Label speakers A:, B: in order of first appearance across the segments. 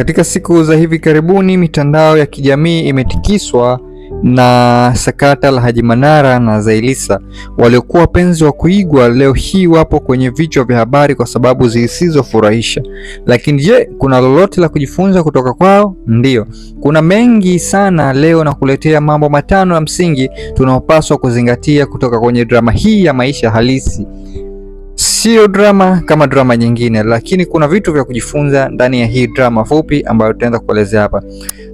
A: Katika siku za hivi karibuni mitandao ya kijamii imetikiswa na sakata la Haji Manara na Zailisa. Waliokuwa wapenzi wa kuigwa leo hii wapo kwenye vichwa vya habari kwa sababu zisizofurahisha. Lakini je, kuna lolote la kujifunza kutoka kwao? Ndiyo, kuna mengi sana. Leo na kuletea mambo matano ya msingi tunaopaswa kuzingatia kutoka kwenye drama hii ya maisha halisi sio drama kama drama nyingine, lakini kuna vitu vya kujifunza ndani ya hii drama fupi ambayo tutaanza kuelezea hapa.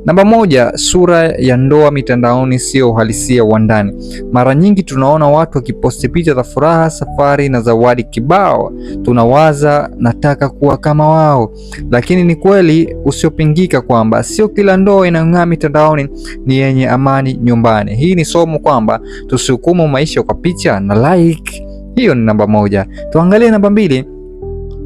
A: Namba moja, sura ya ndoa mitandaoni sio uhalisia wa ndani. Mara nyingi tunaona watu wakiposti picha za furaha, safari na zawadi kibao, tunawaza nataka kuwa kama wao, lakini ni kweli usiopingika kwamba sio kila ndoa inayong'aa mitandaoni ni yenye amani nyumbani. Hii ni somo kwamba tusihukumu maisha kwa picha na like hiyo ni namba moja. Tuangalie namba mbili.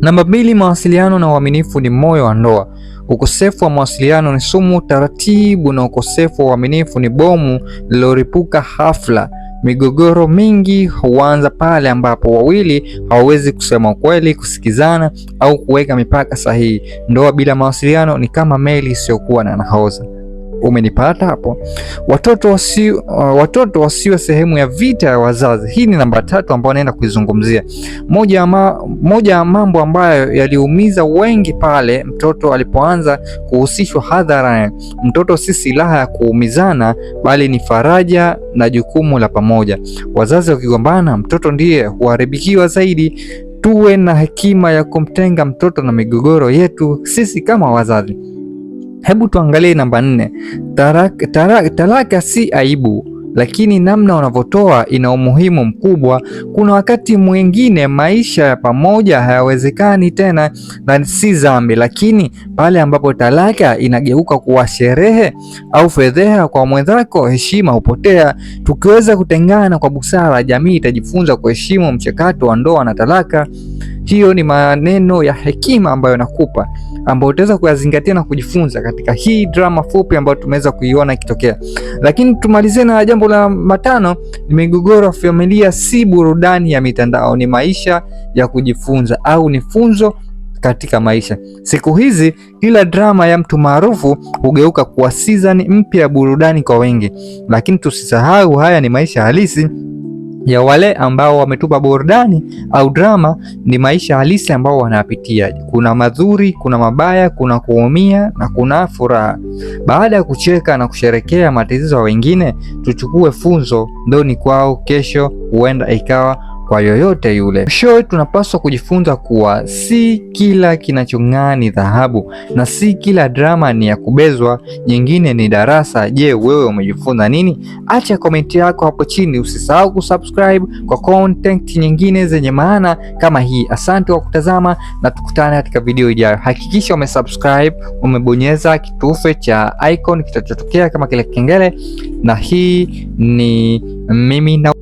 A: Namba mbili, mawasiliano na uaminifu ni moyo wa ndoa. Ukosefu wa mawasiliano ni sumu taratibu, na ukosefu wa uaminifu ni bomu lililoripuka hafla. Migogoro mingi huanza pale ambapo wawili hawawezi kusema ukweli, kusikizana au kuweka mipaka sahihi. Ndoa bila mawasiliano ni kama meli isiyokuwa na nahodha umenipata hapo. Watoto wasi, uh, watoto wasiwe sehemu ya vita ya wazazi. Hii ni namba tatu ambayo naenda kuizungumzia. Moja ama, moja ya mambo ambayo yaliumiza wengi pale mtoto alipoanza kuhusishwa hadharani. Mtoto si silaha ya kuumizana, bali ni faraja na jukumu la pamoja. Wazazi wakigombana, mtoto ndiye huharibikiwa zaidi. Tuwe na hekima ya kumtenga mtoto na migogoro yetu sisi kama wazazi. Hebu tuangalie namba nne. Taraka, talaka si aibu, lakini namna unavyotoa ina umuhimu mkubwa. Kuna wakati mwingine maisha ya pamoja hayawezekani tena, na si dhambi, lakini pale ambapo talaka inageuka kuwa sherehe au fedheha kwa mwenzako, heshima hupotea. Tukiweza kutengana kwa busara, jamii itajifunza kuheshimu mchakato wa ndoa na talaka. Hiyo ni maneno ya hekima ambayo nakupa, ambayo utaweza kuyazingatia na kujifunza katika hii drama fupi ambayo tumeweza kuiona ikitokea. Lakini tumalizie na jambo la matano, migogoro ya familia si burudani ya mitandao, ni maisha ya kujifunza au ni funzo katika maisha. Siku hizi kila drama ya mtu maarufu hugeuka kuwa season mpya ya burudani kwa wengi, lakini tusisahau haya ni maisha halisi ya wale ambao wametupa burudani au drama ni maisha halisi ambao wanapitia. Kuna mazuri, kuna mabaya, kuna kuumia na kuna furaha. Baada ya kucheka na kusherekea matatizo ya wengine, tuchukue funzo. ndio ni kwao, kesho huenda ikawa kwa yoyote yule. Mwishowe, tunapaswa kujifunza kuwa si kila kinachong'aa ni dhahabu na si kila drama ni ya kubezwa, nyingine ni darasa. Je, wewe umejifunza nini? Acha komenti yako hapo chini, usisahau kusubscribe kwa content nyingine zenye maana kama hii. Asante kwa kutazama na tukutane katika video ijayo. Hakikisha umesubscribe, umebonyeza kitufe cha icon kitachotokea kama kile kengele, na hii ni mimi na